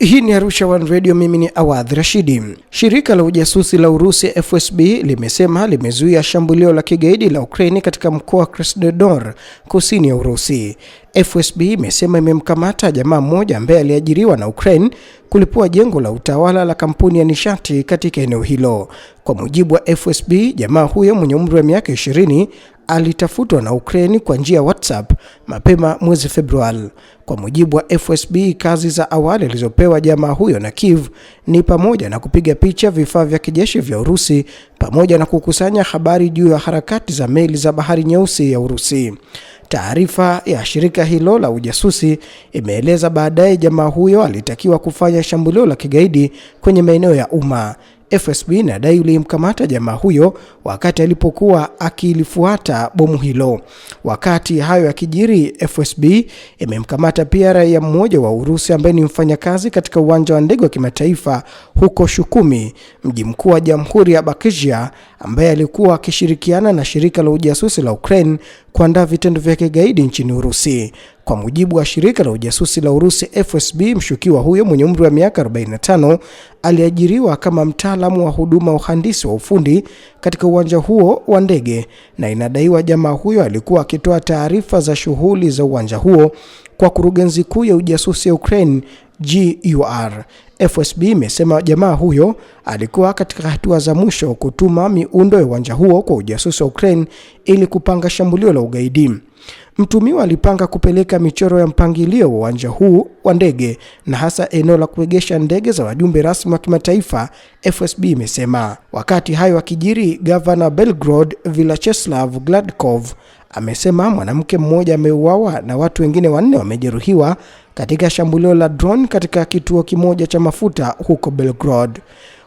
Hii ni Arusha One Radio, mimi ni Awadh Rashidi. Shirika la ujasusi la Urusi FSB limesema limezuia shambulio la kigaidi la Ukraini katika mkoa wa Krasnodar kusini ya Urusi. FSB imesema imemkamata jamaa mmoja ambaye aliajiriwa na Ukraine kulipua jengo la utawala la kampuni ya nishati katika eneo hilo. Kwa mujibu wa FSB, jamaa huyo mwenye umri wa miaka 20 alitafutwa na Ukraine kwa njia ya WhatsApp mapema mwezi Februari. Kwa mujibu wa FSB, kazi za awali alizopewa jamaa huyo na Kiev ni pamoja na kupiga picha vifaa vya kijeshi vya Urusi pamoja na kukusanya habari juu ya harakati za meli za Bahari Nyeusi ya Urusi. Taarifa ya shirika hilo la ujasusi imeeleza baadaye jamaa huyo alitakiwa kufanya shambulio la kigaidi kwenye maeneo ya umma. FSB inadai ulimkamata jamaa huyo wakati alipokuwa akilifuata bomu hilo. Wakati hayo yakijiri, FSB imemkamata pia raia mmoja wa Urusi ambaye ni mfanyakazi katika uwanja wa ndege wa kimataifa huko Shukumi, mji mkuu wa Jamhuri ya Bakishia, ambaye alikuwa akishirikiana na shirika la ujasusi la Ukraine kuandaa vitendo vya kigaidi nchini Urusi. Kwa mujibu wa shirika la ujasusi la Urusi FSB, mshukiwa huyo mwenye umri wa miaka 45 aliajiriwa kama mtaalamu wa huduma uhandisi wa ufundi katika uwanja huo wa ndege, na inadaiwa jamaa huyo alikuwa akitoa taarifa za shughuli za uwanja huo kwa kurugenzi kuu ya ujasusi ya Ukraine GUR. FSB imesema jamaa huyo alikuwa katika hatua za mwisho kutuma miundo ya uwanja huo kwa ujasusi wa Ukraine ili kupanga shambulio la ugaidi. Mtumiwa alipanga kupeleka michoro ya mpangilio wa uwanja huu wa ndege na hasa eneo la kuegesha ndege za wajumbe rasmi wa kimataifa, FSB imesema. Wakati hayo akijiri, gavana Belgrod Vilacheslav Gladkov amesema mwanamke mmoja ameuawa na watu wengine wanne wamejeruhiwa katika shambulio la drone katika kituo kimoja cha mafuta huko belgrad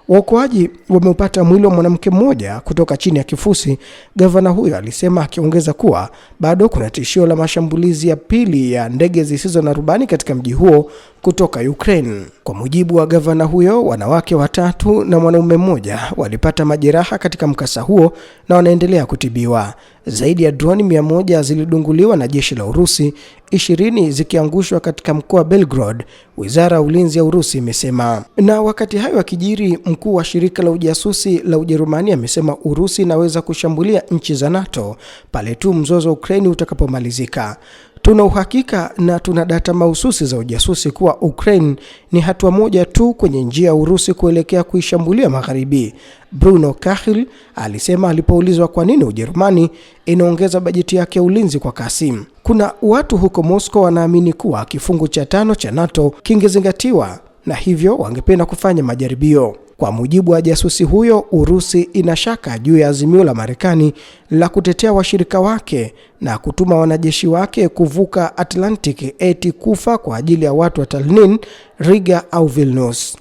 Waokoaji wameupata mwili wa mwanamke mmoja kutoka chini ya kifusi, gavana huyo alisema, akiongeza kuwa bado kuna tishio la mashambulizi ya pili ya ndege zisizo na rubani katika mji huo kutoka Ukraine. Kwa mujibu wa gavana huyo, wanawake watatu na mwanaume mmoja walipata majeraha katika mkasa huo na wanaendelea kutibiwa. Zaidi ya droni mia moja zilidunguliwa na jeshi la Urusi, 20 zikiangushwa katika mkoa wa Belgrod, wizara ya ulinzi ya Urusi imesema. Na wakati hayo akijiri, mkuu wa shirika la ujasusi la Ujerumani amesema Urusi inaweza kushambulia nchi za NATO pale tu mzozo wa Ukraini utakapomalizika. Tuna uhakika na tuna data mahususi za ujasusi kuwa Ukraine ni hatua moja tu kwenye njia ya Urusi kuelekea kuishambulia magharibi, Bruno Kahl alisema alipoulizwa kwa nini Ujerumani inaongeza bajeti yake ya ulinzi kwa kasi. Kuna watu huko Moscow wanaamini kuwa kifungu cha tano cha NATO kingezingatiwa na hivyo wangependa kufanya majaribio. Kwa mujibu wa jasusi huyo, Urusi ina shaka juu ya azimio la Marekani la kutetea washirika wake na kutuma wanajeshi wake kuvuka Atlantic eti kufa kwa ajili ya watu wa Tallinn, Riga au Vilnius.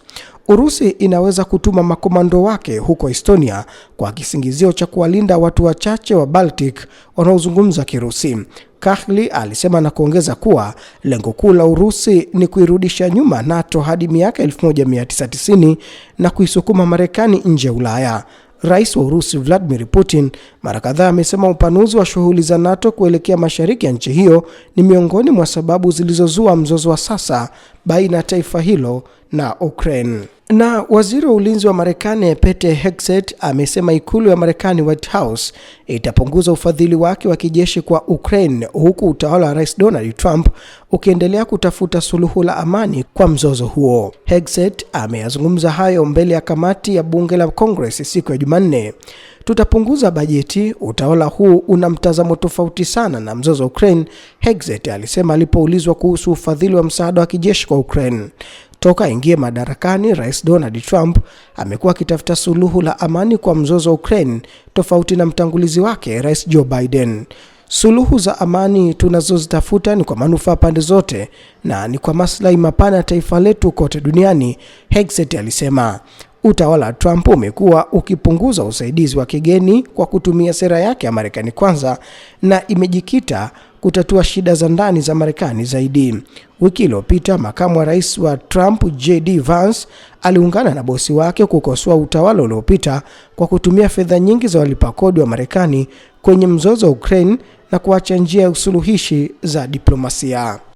Urusi inaweza kutuma makomando wake huko Estonia kwa kisingizio cha kuwalinda watu wachache wa Baltic wanaozungumza Kirusi. Kahli alisema na kuongeza kuwa lengo kuu la Urusi ni kuirudisha nyuma NATO hadi miaka 1990 na kuisukuma Marekani nje ya Ulaya. Rais wa Urusi Vladimir Putin mara kadhaa amesema upanuzi wa shughuli za NATO kuelekea mashariki ya nchi hiyo ni miongoni mwa sababu zilizozua mzozo wa sasa baina ya taifa hilo na Ukraine. Na waziri wa ulinzi wa Marekani Pete Hegseth amesema ikulu ya Marekani White House itapunguza ufadhili wake wa kijeshi kwa Ukraine huku utawala wa Rais Donald Trump ukiendelea kutafuta suluhu la amani kwa mzozo huo. Hegseth ameyazungumza hayo mbele ya kamati ya bunge la Congress siku ya Jumanne tutapunguza bajeti, utawala huu una mtazamo tofauti sana na mzozo wa Ukraine, Hegseth alisema alipoulizwa kuhusu ufadhili wa msaada wa kijeshi kwa Ukraine. Toka ingie madarakani, Rais Donald Trump amekuwa akitafuta suluhu la amani kwa mzozo wa Ukraine, tofauti na mtangulizi wake Rais Joe Biden. Suluhu za amani tunazozitafuta ni kwa manufaa pande zote na ni kwa maslahi mapana ya taifa letu kote duniani, Hegseth alisema. Utawala wa Trump umekuwa ukipunguza usaidizi wa kigeni kwa kutumia sera yake ya Marekani kwanza na imejikita kutatua shida za ndani za Marekani zaidi. Wiki iliyopita, makamu wa rais wa Trump JD Vance aliungana na bosi wake kukosoa utawala uliopita kwa kutumia fedha nyingi za walipakodi wa Marekani kwenye mzozo wa Ukraine na kuacha njia ya usuluhishi za diplomasia.